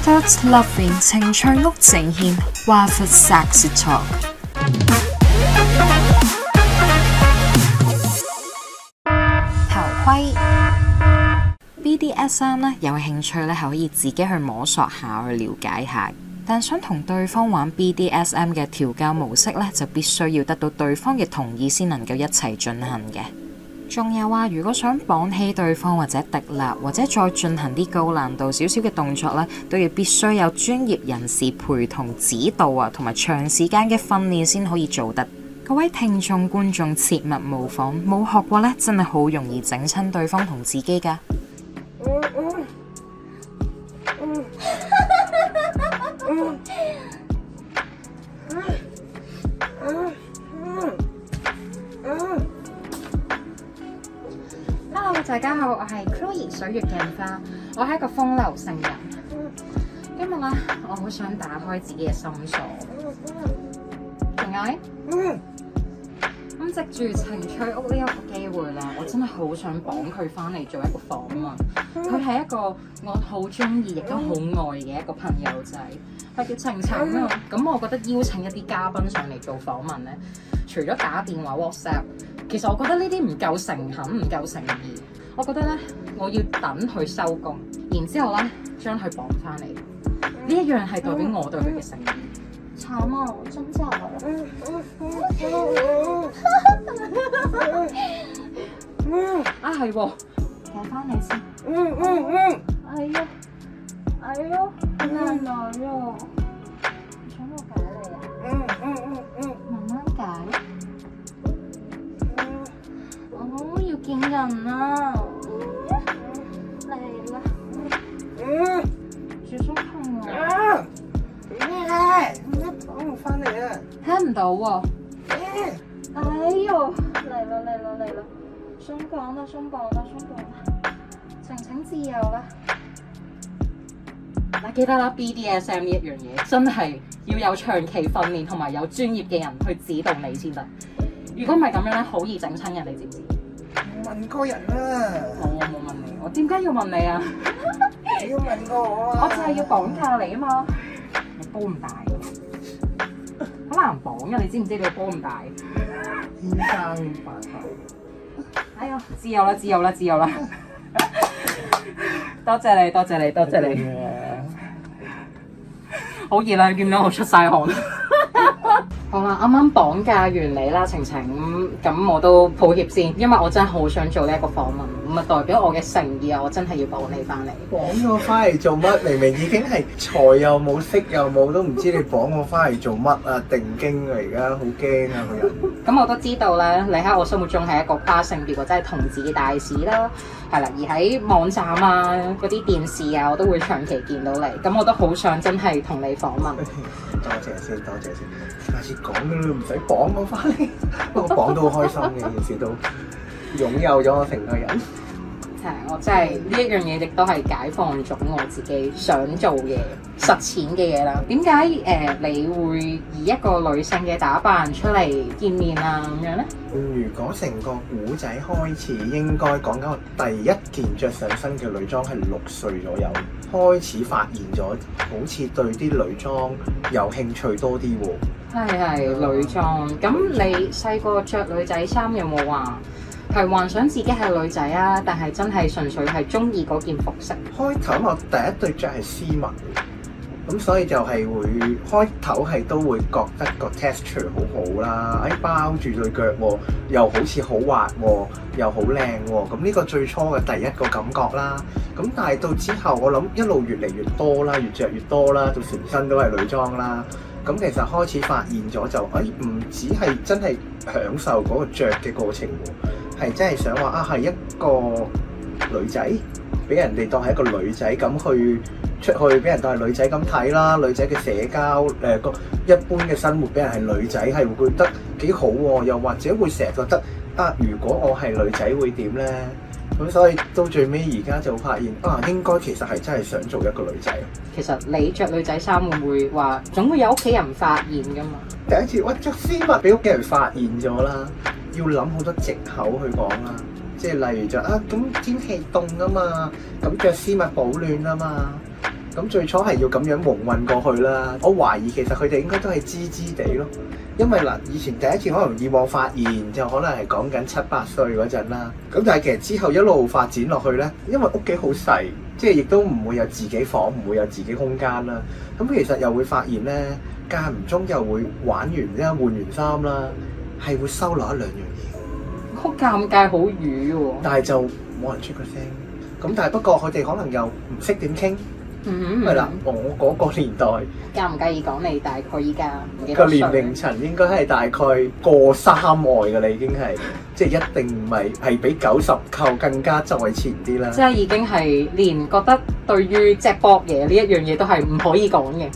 Adult Loving 晴趣屋呈現華佛殺舌頭盔 BDSM 呢，M，有興趣咧，係可以自己去摸索下去了解下。但想同對方玩 BDSM 嘅調教模式咧，就必須要得到對方嘅同意先，能夠一齊進行嘅。仲有啊！如果想綁起對方或者滴蠟，或者再進行啲高難度少少嘅動作咧，都要必須有專業人士陪同指導啊，同埋長時間嘅訓練先可以做得。各位聽眾觀眾切勿模仿，冇學過咧，真係好容易整親對方同自己噶。大家好，我係 Chloe 水月鏡花，我係一個風流聖人。今日咧，我好想打開自己嘅心鎖，點解？咁借住情趣屋呢一個機會咧，我真係好想綁佢翻嚟做一個訪問。佢係一個我好中意亦都好愛嘅一個朋友仔，佢叫晴晴。啊。咁我覺得邀請一啲嘉賓上嚟做訪問咧，除咗打電話 WhatsApp。Wh 其實我覺得呢啲唔夠誠懇，唔夠誠意。我覺得咧，我要等佢收工，然之後咧將佢綁翻嚟。呢一、嗯、樣係代表我對佢嘅誠意。慘、嗯嗯嗯、啊！真就、嗯嗯嗯啊嗯，嗯嗯嗯，啊係喎，解翻嚟先，嗯嗯嗯，哎呀，哎呀，難耐喎，全部解嚟呀，嗯嗯。見人啦，嚟啦，小心痛啊！咩、哎、咧？唔該，我翻嚟啦。聽唔到喎。哎，哎喲，嚟啦嚟啦嚟啦！鬆綁啦鬆綁啦鬆綁啦！請請自由啦。嗱，記得啦，BDSM 呢一樣嘢，真係要有長期訓練同埋有專業嘅人去指導你先得。如果唔係咁樣咧，好易整親人，你知唔知？問過人啦，我冇問你，我點解要問你啊？你要問過我啊？我淨係要綁架你啊嘛！個波唔大嘅，好難綁啊！你知唔知你個波唔大？天生難受。哎呀，自由啦，自由啦，自由啦！多謝你，多謝你，多謝你！好熱啦，你見到我出曬汗。好啦，啱啱綁架完你啦，晴晴咁，嗯嗯、我都抱歉先，因為我真係好想做呢一個訪問，咁、嗯、啊代表我嘅誠意啊，我真係要綁你翻嚟。綁我翻嚟做乜？明明已經係財又冇，色又冇，都唔知你綁我翻嚟做乜啊？ 定經啊， 而家好驚啊！咁我都知道咧，你喺我心目中係一個跨性別或者係同志嘅大使啦，係啦，而喺網站啊，嗰啲電視啊，我都會長期見到你，咁我都好想真係同你訪問。 多謝先，多謝先。下次講嘅唔使綁我翻嚟，不過綁到開心嘅，件事都擁有咗我成個人。我真係呢一樣嘢，亦都係解放咗我自己想做嘅實踐嘅嘢啦。點解誒，你會以一個女性嘅打扮出嚟見面啊？咁樣呢？如果成個古仔開始應該講緊我第一件着上身嘅女裝係六歲左右，開始發現咗好似對啲女裝有興趣多啲喎。係係、哎哎、女裝，咁、嗯、你細個着女仔衫有冇話？係幻想自己係女仔啊！但係真係純粹係中意嗰件服飾。開頭我第一對着係絲襪，咁所以就係會開頭係都會覺得個 texture 好好啦，哎包住對腳，又好似好滑，又好靚。咁呢個最初嘅第一個感覺啦。咁但係到之後我諗一路越嚟越多啦，越着越多啦，到全身都係女裝啦。咁其實開始發現咗就，哎唔止係真係享受嗰個着嘅過程。係真係想話啊，係一個女仔，俾人哋當係一個女仔咁去出去，俾人當係女仔咁睇啦。女仔嘅社交，誒、呃、個一般嘅生活，俾人係女仔，係會覺得幾好喎，啊。又或者會成日覺得：「啊，如果我係女仔會點呢？」咁所以到最尾而家就發現啊，應該其實係真係想做一個女仔。其實你着女仔衫會唔會話，總會有屋企人發現㗎嘛？第一次我着，啊，絲襪俾屋企人發現咗啦，要諗好多藉口去講啦。即係例如就啊，咁天氣凍啊嘛，咁着絲襪保暖啊嘛。咁最初係要咁樣蒙混過去啦。我懷疑其實佢哋應該都係知知哋咯。因為嗱，以前第一次可能以往發現就可能係講緊七八歲嗰陣啦，咁但係其實之後一路發展落去呢，因為屋企好細，即係亦都唔會有自己房，唔會有自己空間啦。咁其實又會發現呢，間唔中又會玩完啦，換完衫啦，係會收落一兩樣嘢。好尷尬，好瘀喎。但係就冇人出個聲。咁但係不過佢哋可能又唔識點傾。嗯，係啦、mm，hmm. 我嗰個年代，介唔介意講你大概依家幾多歲？個年齡層應該係大概過三外嘅啦，已經係即係一定唔係係比九十後更加再前啲啦。即係已經係連覺得對於隻博嘢呢一樣嘢都係唔可以講嘅，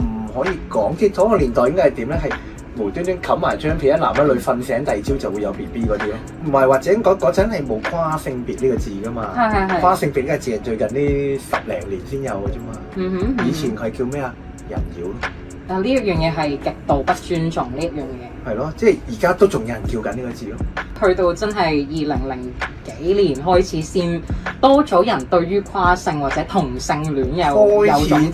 唔可以講。即係嗰個年代應該係點咧？係。無端端冚埋張被，一男一女瞓醒，第二朝就會有 BB 嗰啲咯。唔係，或者嗰嗰陣係冇跨性別呢個字㗎嘛。係係係。跨性別呢個字係最近呢十零年先有㗎啫嘛。嗯哼，嗯哼。以前佢叫咩啊？人妖咯。啊，呢一樣嘢係極度不尊重呢一樣嘢。係咯，即係而家都仲有人叫緊呢個字咯。去到真係二零零幾年開始，先多咗人對於跨性或者同性戀有有種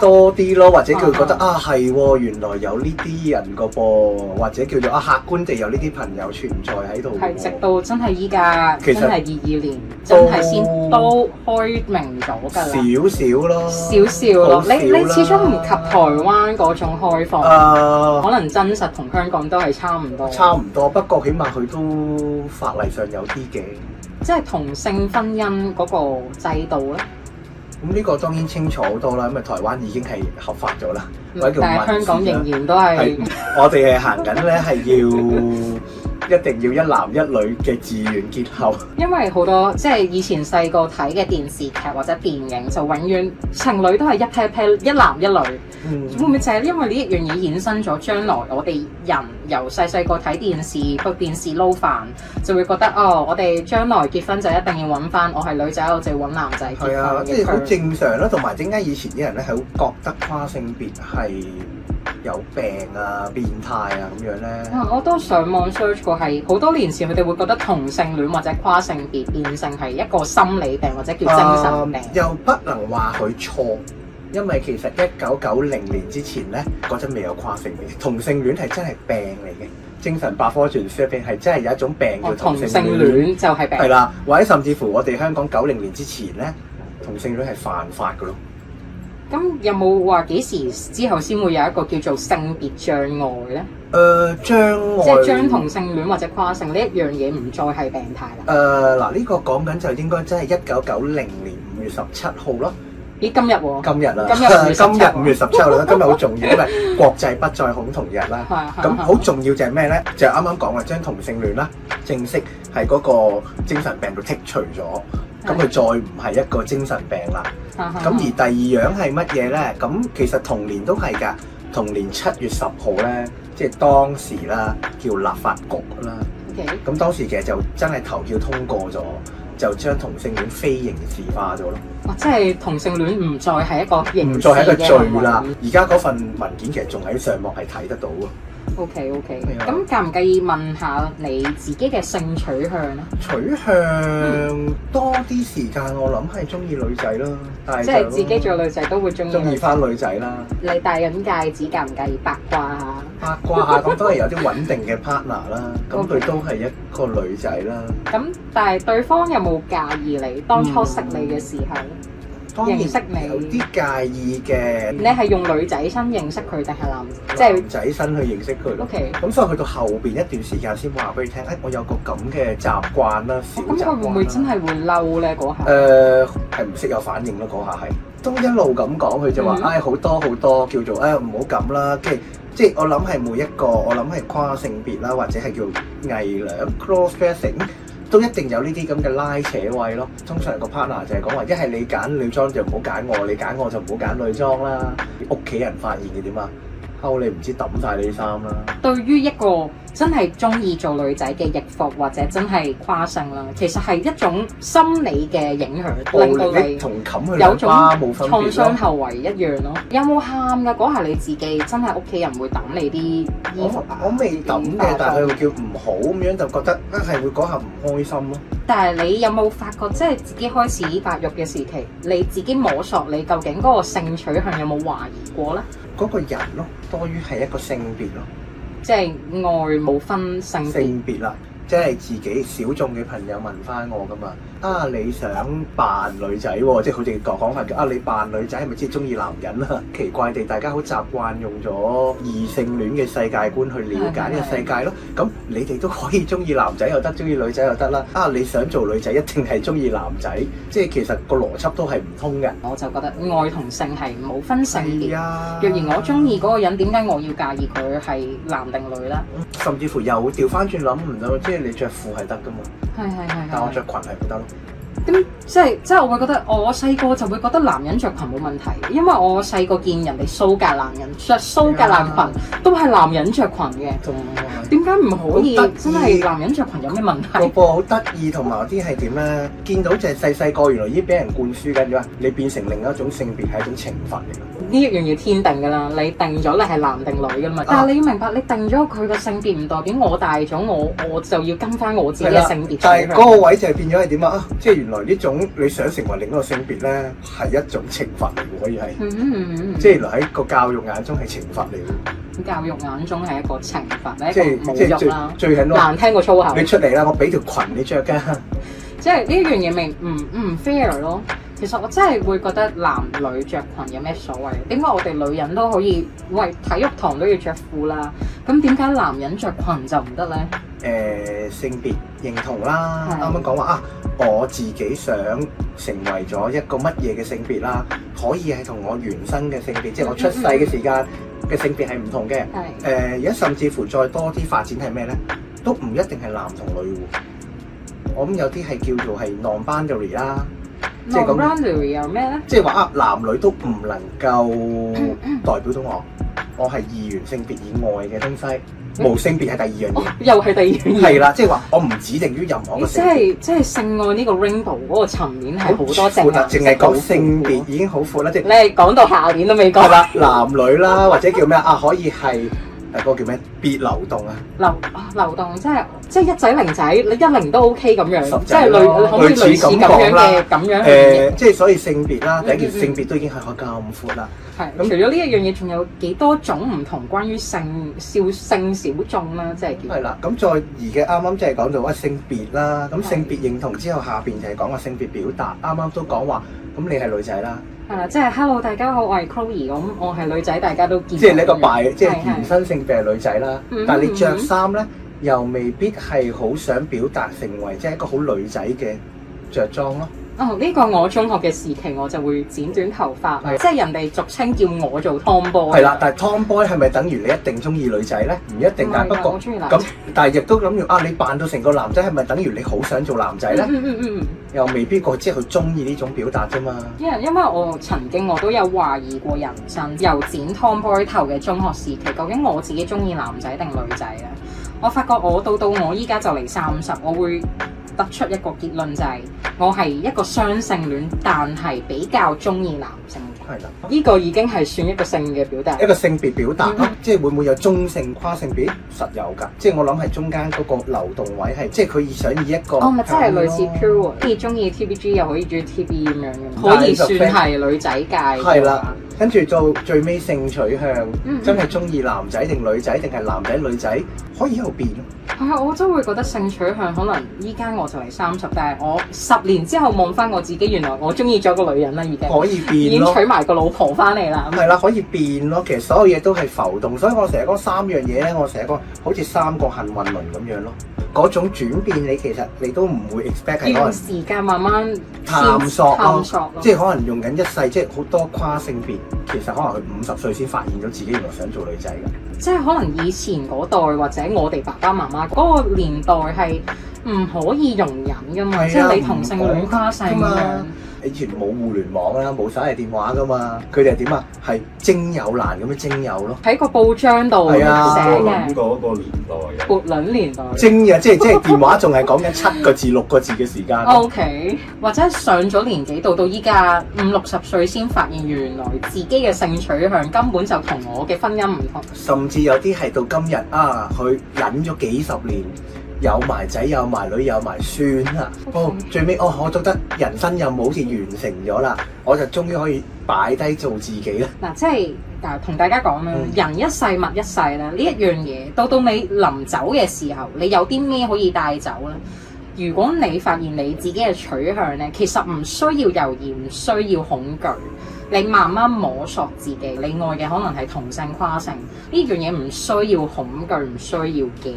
多啲咯，或者佢覺得、哦、啊係喎、哦，原來有呢啲人個噃，或者叫做啊客觀地有呢啲朋友存在喺度。係，直到真係依家，其實係二二年到真係先都開明咗㗎。少少咯，少少咯。少少咯你，少少咯你，你始終唔及台灣嗰種開放，啊、可能真實同香港。都係差唔多，差唔多。不過起碼佢都法例上有啲嘅，即係同性婚姻嗰個制度咧。咁呢個當然清楚好多啦。因為，台灣已經係合法咗啦，但 或者叫民主啦。但係香港仍然都係是， 我哋係行緊咧，係要。 一定要一男一女嘅自願結合，因為好多即係以前細個睇嘅電視劇或者電影，就永遠情侶都係一 pair 一 pair，一男一女。嗯、會唔會就係因為呢一樣嘢衍生咗將來我哋人由細細個睇電視、煲電視撈飯，就會覺得哦，我哋將來結婚就一定要揾翻，我係女仔，我就要揾男仔結婚。係啊，即係好正常啦。同埋、嗯、正佳以前啲人咧，係好覺得跨性別係。有病啊，變態啊咁樣咧、啊。我都上網 search 過，係好多年前佢哋會覺得同性戀或者跨性別變性係一個心理病或者叫精神病。啊、又不能話佢錯，因為其實一九九零年之前咧，嗰陣未有跨性別，同性戀係真係病嚟嘅。精神百科全書入邊係真係有一種病叫同性戀。同性戀就係病。係啦，或者甚至乎我哋香港九零年之前咧，同性戀係犯法㗎咯。咁有冇話幾時之後先會有一個叫做性別障礙咧？誒障礙即係將同性戀或者跨性呢一樣嘢唔再係病態啦。誒嗱呢個講緊就應該真係一九九零年五月十七號咯。咦今日喎？今日啊！今，啊今，啊今日五月十七號啦，今日好重要，因為 國際不再恐同日啦。係係。咁好重要就係咩咧？就係啱啱講啦，將同性戀啦正式係嗰個精神病度剔除咗。咁佢再唔係一個精神病啦。咁、uh、huh. 而第二樣係乜嘢咧？咁其實同年都係㗎。同年七月十號咧，即係當時啦，叫立法局啦。咁 Okay. 當時其實就真係投票通過咗，就將同性戀非刑事化咗咯。哇！Oh, 即係同性戀唔再係一個刑事嘅罪。而家嗰份文件其實仲喺上網係睇得到。O K O K，咁介唔介意問下你自己嘅性取向咧？取向、嗯、多啲時間，我諗係中意女仔咯。但是就是、即係自己做女仔都會中意翻女仔啦。嗯、你戴緊戒指介唔介意八卦啊？八卦下！咁都係有啲穩定嘅 partner 啦。咁 佢都係一個女仔啦。咁 Okay. 但係對方有冇介意你當初識你嘅時候？嗯認識你有啲介意嘅。你係用女仔身認識佢定係男，即係男仔身去認識佢？O Okay . K、嗯。咁所以去到後邊一段時間先話俾你聽，誒、欸，我有個咁嘅習慣啦。咁佢、哦、會唔會真係會嬲咧？嗰下誒係唔識有反應啦。嗰下係都一路咁講，佢就話：，唉、mm，好、hmm. 哎、多好多叫做誒唔好咁啦。即係即係我諗係每一個，我諗係跨性別啦，或者係叫易服 cross dressing 都一定有呢啲咁嘅拉扯位咯，通常個 partner 就係講話，一係你揀女裝就唔好揀我，你揀我就唔好揀女裝啦，屋企人發現嘅點啊？後你唔知揼晒你衫啦！對於一個真係中意做女仔嘅易服或者真係跨性啦，其實係一種心理嘅影響，力令到同有佢哋冇分創傷後遺一樣咯。有冇喊噶？嗰下你自己真係屋企人會揼你啲衣服。我我未揼嘅，但係佢叫唔好咁樣，就覺得啊係會嗰下唔開心咯。但係你有冇發覺，即係自己開始發育嘅時期，你自己摸索你究竟嗰個性取向有冇懷疑過呢？嗰個人咯，多於係一個性別咯，即係愛冇分性別啦，即係自己小眾嘅朋友問翻我㗎嘛。啊！你想扮女仔喎，啊，即係佢哋講法叫「啊你扮女仔係咪即係中意男人啊？奇怪地，大家好習慣用咗異性戀嘅世界觀去了解呢個世界咯。咁 你哋都可以中意男仔又得，中意女仔又得啦。啊！你想做女仔，一定係中意男仔，即係其實個邏輯都係唔通嘅。我就覺得愛同性係冇分性別。哎、呀若然我中意嗰個人，點解我要介意佢係男定女咧？甚至乎又調翻轉諗唔到，即係你着褲係得噶嘛？係係係，是是是是，但我着裙係唔得咯。咁即係即係，我會覺得我細個就會覺得男人着裙冇問題，因為我細個見人哋蘇格蘭人着蘇格蘭裙，都係男人着裙嘅。點解唔可以？真係？男人着裙有咩問題？個膊好得意，同埋啲係點咧？見到就細細個，原來已經俾人灌輸緊，咗，話你變成另一種性別係一種懲罰嚟。呢一樣嘢天定噶啦，你定咗你係男定女噶嘛？但係你要明白，你定咗佢個性別唔代表我大咗，我我就要跟翻我自己嘅性別。但係嗰個位就係變咗係點啊？即係原來呢種你想成為另一個性別咧，係一種懲罰嚟，可以係。即嗯，嗯嗯嗯。原來喺個教育眼中係懲罰嚟嘅。教育眼中係一個懲罰，係一個侮辱啦。最最難聽過粗口。你出嚟啦，我俾條裙你着㗎。即係呢樣嘢咪唔唔 fair 咯？其實我真係會覺得男女着裙有咩所謂？點解我哋女人都可以喂，體育堂都要着褲啦？咁點解男人着裙就唔得呢？誒、呃，性別認同啦，啱啱講話啊，我自己想成為咗一個乜嘢嘅性別啦，可以係同我原生嘅性別，即、就、係、是、我出世嘅時間嘅性別係唔同嘅。誒、mm，而、hmm. 家、呃、甚至乎再多啲發展係咩呢？都唔一定係男同女。我諗有啲係叫做係 non-binary 啦。即係咁，男女又咩咧？即係話啊，男女都唔能夠代表到我，我係二元性別以外嘅東西，無性別係第二樣嘢、哦。又係第二樣嘢。係啦， 即係話我唔指定於任何嘅性別。即係即係性愛呢個 rainbow 嗰個層面係好多靜靜個性啊，淨係講性別已經好闊啦。即係是你係講到下年都未講。係啦，男女啦， 或者叫咩啊？可以係。嗰個叫咩？別流動啊，流流動即係即係一仔零仔，你一零都 OK 咁樣，即係類類似咁樣嘅咁樣誒，即係、呃嗯、所以性別啦，第一件性別都已經係可咁闊啦。嗯嗯。係，咁除咗呢一樣嘢，仲有幾多種唔同關於性少性小眾啦，即係叫係啦。咁再而嘅啱啱即係講到一性別啦，咁係性別認同之後，下邊就係講個性別表達。啱啱都講話，咁你係女仔啦。係啦，即係 Hello，大家好，我係 Chloe 咁我係女仔，大家都見到。即係呢個擺，即係原生性別係女仔啦，係但係你着衫咧，又未必係好想表達成為即係一個好女仔嘅着裝咯。哦，呢、這個我中學嘅時期我就會剪短頭髮，的即係人哋俗稱叫我做 tom boy。係啦，但係 tom boy 係咪等於你一定中意女仔呢？唔一定，但係不過咁，但係亦都諗住啊，你扮到成個男仔係咪等於你好想做男仔呢？ 又未必過，即係佢中意呢種表達啫嘛。Yeah, 因為我曾經我都有懷疑過人生，由剪 tom boy 頭嘅中學時期，究竟我自己中意男仔定女仔呢？我發覺我到到我依家就嚟三十，我會。得出一個結論就係、是、我係一個雙性戀，但係比較中意男性嘅。係啦。呢個已經係算一個性嘅表達，一個性別表達，嗯啊、即係會唔會有中性跨性別實有㗎？即係我諗係中間嗰個流動位係，即係佢想以一個我咪即係類似 pure，既中意 TBG 又可以中意 TB 咁樣，可以算係女仔界。係啦，跟住到最尾性取向真係中意男仔定女仔定係男仔女仔，可以喺度變。係啊，我真會覺得性取向可能依家我就係三十，但係我十年之後望翻我自己，原來我中意咗個女人啦，已經可以變咯，已經娶埋個老婆翻嚟啦，係啦，可以變咯。其實所有嘢都係浮動，所以我成日講三樣嘢咧，我成日講好似三個幸運輪咁樣咯。嗰種轉變，你其實你都唔會 expect 係可能用時間慢慢探索探索，即係可能用緊一世，即係好多跨性別，其實可能佢五十歲先發現咗自己原來想做女仔嘅。即係可能以前嗰代或者我哋爸爸媽媽嗰個年代係唔可以容忍嘅嘛，啊、即係你同性戀跨性嘅。以前冇互聯網啦，冇手提電話噶嘛，佢哋係點啊？係徵友欄咁樣徵友咯，喺個報章度寫嘅，嗰、啊、的個年代，撥輪年代，徵啊！即係即係電話仲係講緊七個字、六個字嘅時間。O、okay, K，或者上咗年紀到到依家五六十歲先發現原來自己嘅性取向根本就同我嘅婚姻唔同，甚至有啲係到今日啊，佢忍咗幾十年。有埋仔，有埋女，有埋孫啦 Okay.。哦，最尾哦，我覺得人生任務好似完成咗啦。我就終於可以擺低做自己咧。嗱，即係同大家講啦，嗯、人一世物一世啦。呢一樣嘢到到你臨走嘅時候，你有啲咩可以帶走呢？如果你發現你自己嘅取向呢，其實唔需要猶豫，唔需要恐懼。你慢慢摸索自己，你愛嘅可能係同性跨性，呢樣嘢唔需要恐懼，唔需要嘅。